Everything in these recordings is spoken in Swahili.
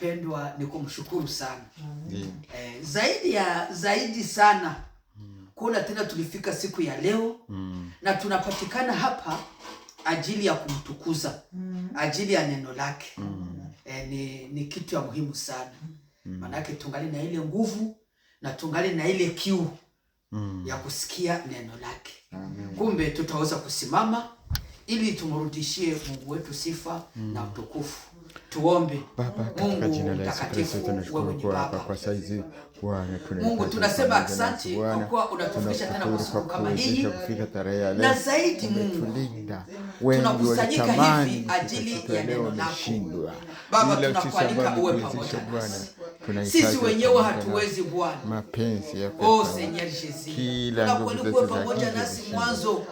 wapendwa, ni kumshukuru sana eh, zaidi ya zaidi sana kuna tena tulifika siku ya leo mm. na tunapatikana hapa ajili ya kumtukuza mm. ajili ya neno lake mm. eh, ni, ni kitu ya muhimu sana mm. maanake tungali na ile nguvu na tungali na ile kiu mm. ya kusikia neno lake Amen. Kumbe tutaweza kusimama ili tumrudishie Mungu wetu sifa mm. na utukufu. Tuombe. Baba, katika jina la Yesu Kristo tunashukuru kwa hapa kwa saizi Bwana, tunasema Mungu, tunasema asante kwa kuwa unatufikisha tena kwa siku kama hii, kufika tarehe ya leo na zaidi, Mungu tulinda, wengi walitamani ajili ya neno lako Baba, tunakualika uwe pamoja nasi sisi wenyewe hatuwezi Bwana, mapenzi yako oh, Seigneur Jesus, kila nguvu pamoja nasi mwanzo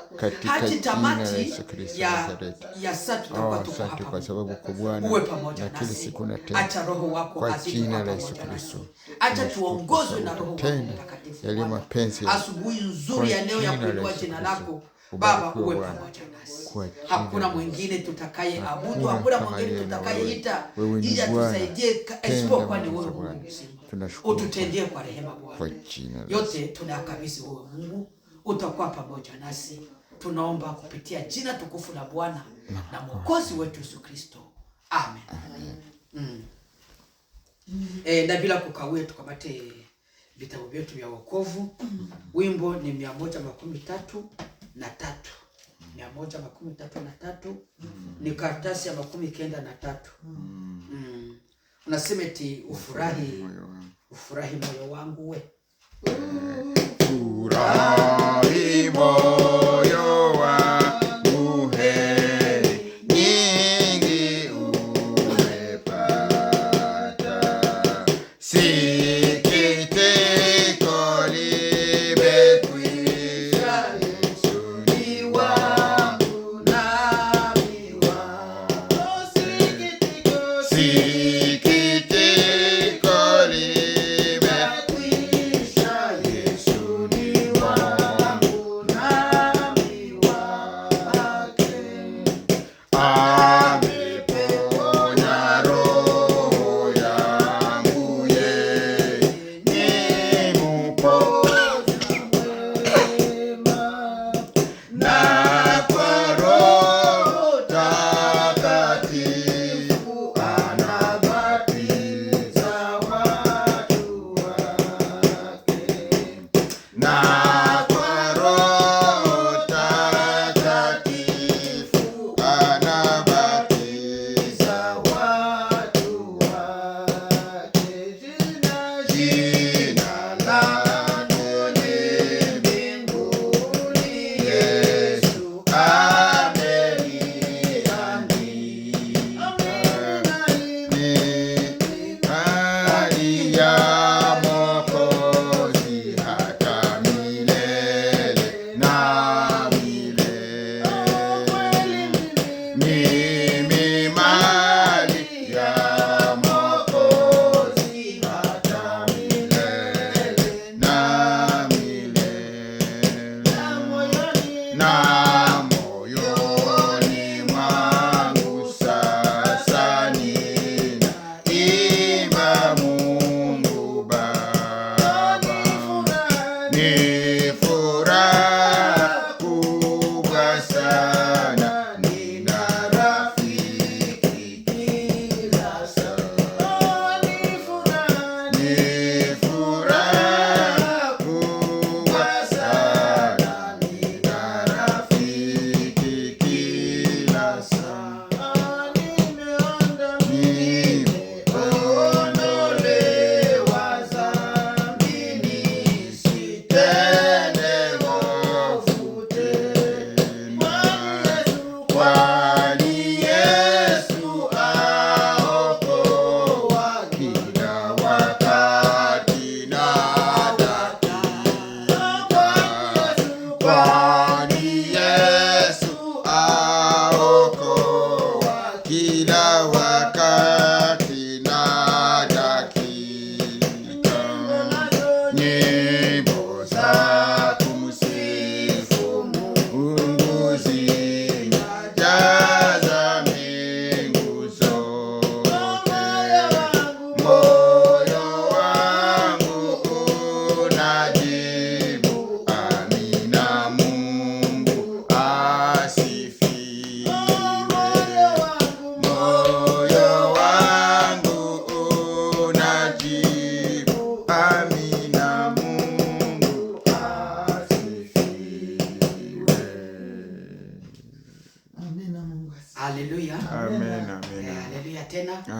hadi tamati ya ya satu kwa oh, tuko hapa, kwa sababu kwa Bwana uwe pamoja nasi, acha roho wako azidi kwa Yesu Kristo, acha tuongozwe na roho wako Mtakatifu. Asubuhi nzuri ya leo ya kuinua jina lako Baba uwe pamoja nasi, hakuna mwingine tutakaye abudu, hakuna mwingine tutakayeita, ila tusaidie isipokuwa ni wewe Mungu mzima. Ututendie kwa rehema Bwana, yote tunayakabidhi wewe Mungu, utakuwa pamoja nasi. Tunaomba kupitia jina tukufu la Bwana na mwokozi wetu Yesu Kristo, amen, amen. Mm. Mm. E, na bila kukawia tukamate vitabu vyetu vya wokovu. Mm. Wimbo ni mia moja makumi tatu na tatu mia moja makumi tatu na tatu mm. ni karatasi ya makumi kenda na tatu mm. Mm. Unasema ti ufurahi, ufurahi moyo wangu we, ufurahi Yeah. 嗯。